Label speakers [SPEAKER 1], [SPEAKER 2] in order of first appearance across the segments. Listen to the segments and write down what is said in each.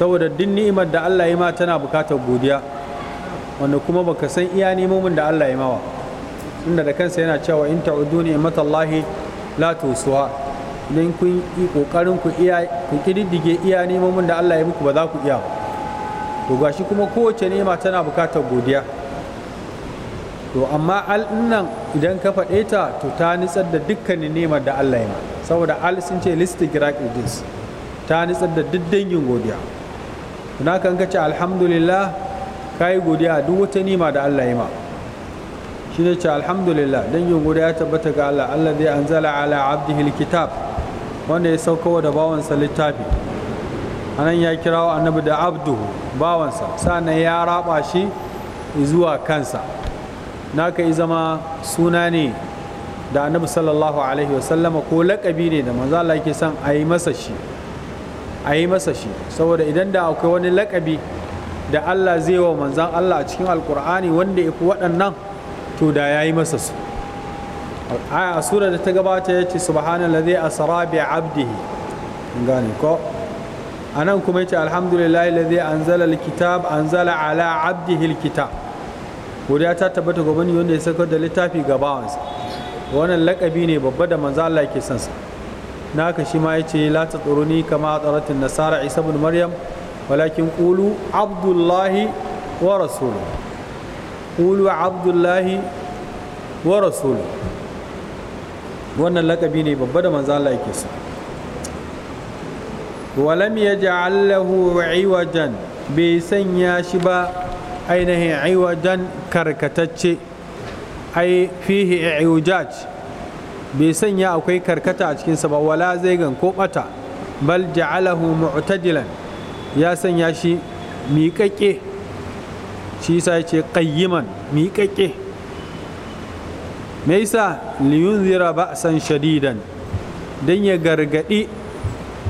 [SPEAKER 1] saboda duk ni'imar da Allah ya ma tana bukatar godiya wanda kuma baka san iya nemomin da Allah ya mawa inda da kansa yana cewa in ta'udu ni'matallahi la tusuha idan kun yi kokarin ku iya ku kididdige iya nemomin da Allah ya muku ba za ku iya to gashi kuma kowace ni'ima tana bukatar godiya to amma al nan idan ka faɗe ta to ta nitsar da dukkanin ni'imar da Allah ya ma saboda al sun ce listigraq jins ta nitsar da duk dangin godiya na kan ka ce alhamdulillah ka yi godiya duk wata nima da Allah ya ma shi ne ce alhamdulillah don yin godiya tabbata ga Allah Allah zai zala ala abdihil kitab wanda ya saukowa da bawansa littafi anan ya kirawo annabi da Abdu bawansa sannan ya raba shi zuwa kansa ka yi zama suna ne da annabi sallallahu alaihi wasallama ko laƙabi ne da manza Allah yake son a yi masa shi a yi masa shi saboda idan da akwai wani lakabi da Allah zai wa manzan Allah a cikin alkur'ani wanda ya fi waɗannan to da ya yi masa su a sura da ta gabata ya ce subhanallah zai asara bi abdihi gani ko a nan kuma ya ce alhamdulillah zai anzala alkitab zala ala abdihi alkitab godiya ta tabbata gwamnati wanda ya saka da littafi ga wannan lakabi ne babba da manzan Allah ke sansa naka shi ma ya yace la ni kama adaratin nasara isa ibn maryam walakin kulu abdullahi wa rasuluhu qulu abdullahi wa rasuluhu wannan lakabi ne babba da manzo Allah yake so walam yaj'al lahu iwajan bai sanya shi ba ainihin iwajan karkatacce ai fihi iwjaj bai sanya akwai karkata a cikinsa ba wala gan ko bata bal ja'alahu mu'tadilan ya sanya shi miƙaƙe shi ya ce qayyiman miƙaƙe me yasa liyunzira ba'san shadidan dan ya gargadi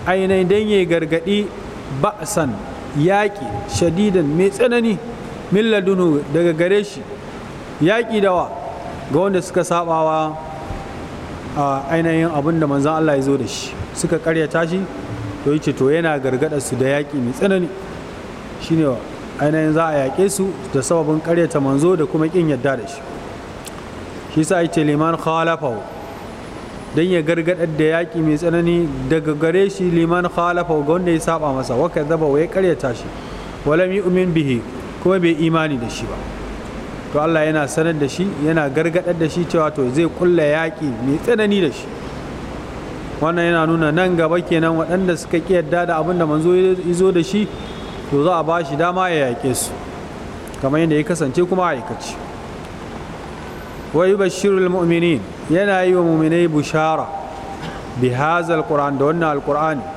[SPEAKER 1] ainihin dan ya gargadi ba'san yaƙi shadidan mai tsanani milladunu daga gare shi yaƙi dawa ga wanda suka sabawa ainihin abin da manzan Allah ya zo da shi suka karyata shi to yace to yana gargada su da yaƙi mai tsanani shine ainihin za a yaƙe su da sababin karyata manzo da kuma kin yadda da shi shi sa yace liman khalafahu dan ya gargadar da yaƙi mai tsanani daga gare shi liman khalafahu ga wanda ya saba masa wa kadhaba wa ya karyata shi walam yu'min bihi kuma bai imani da shi ba to Allah yana sanar da shi yana gargadar da shi cewa to zai kulla yaƙi mai tsanani da shi wannan yana nuna nan gaba kenan waɗanda suka ƙi yadda da abin da manzo ya zo da shi to za a ba shi dama ya yaƙe su kamar yadda ya kasance kuma aikaci wa yubashshirul mu'minin yana yi wa mu'minai bushara bi hazal qur'an da wannan alqur'ani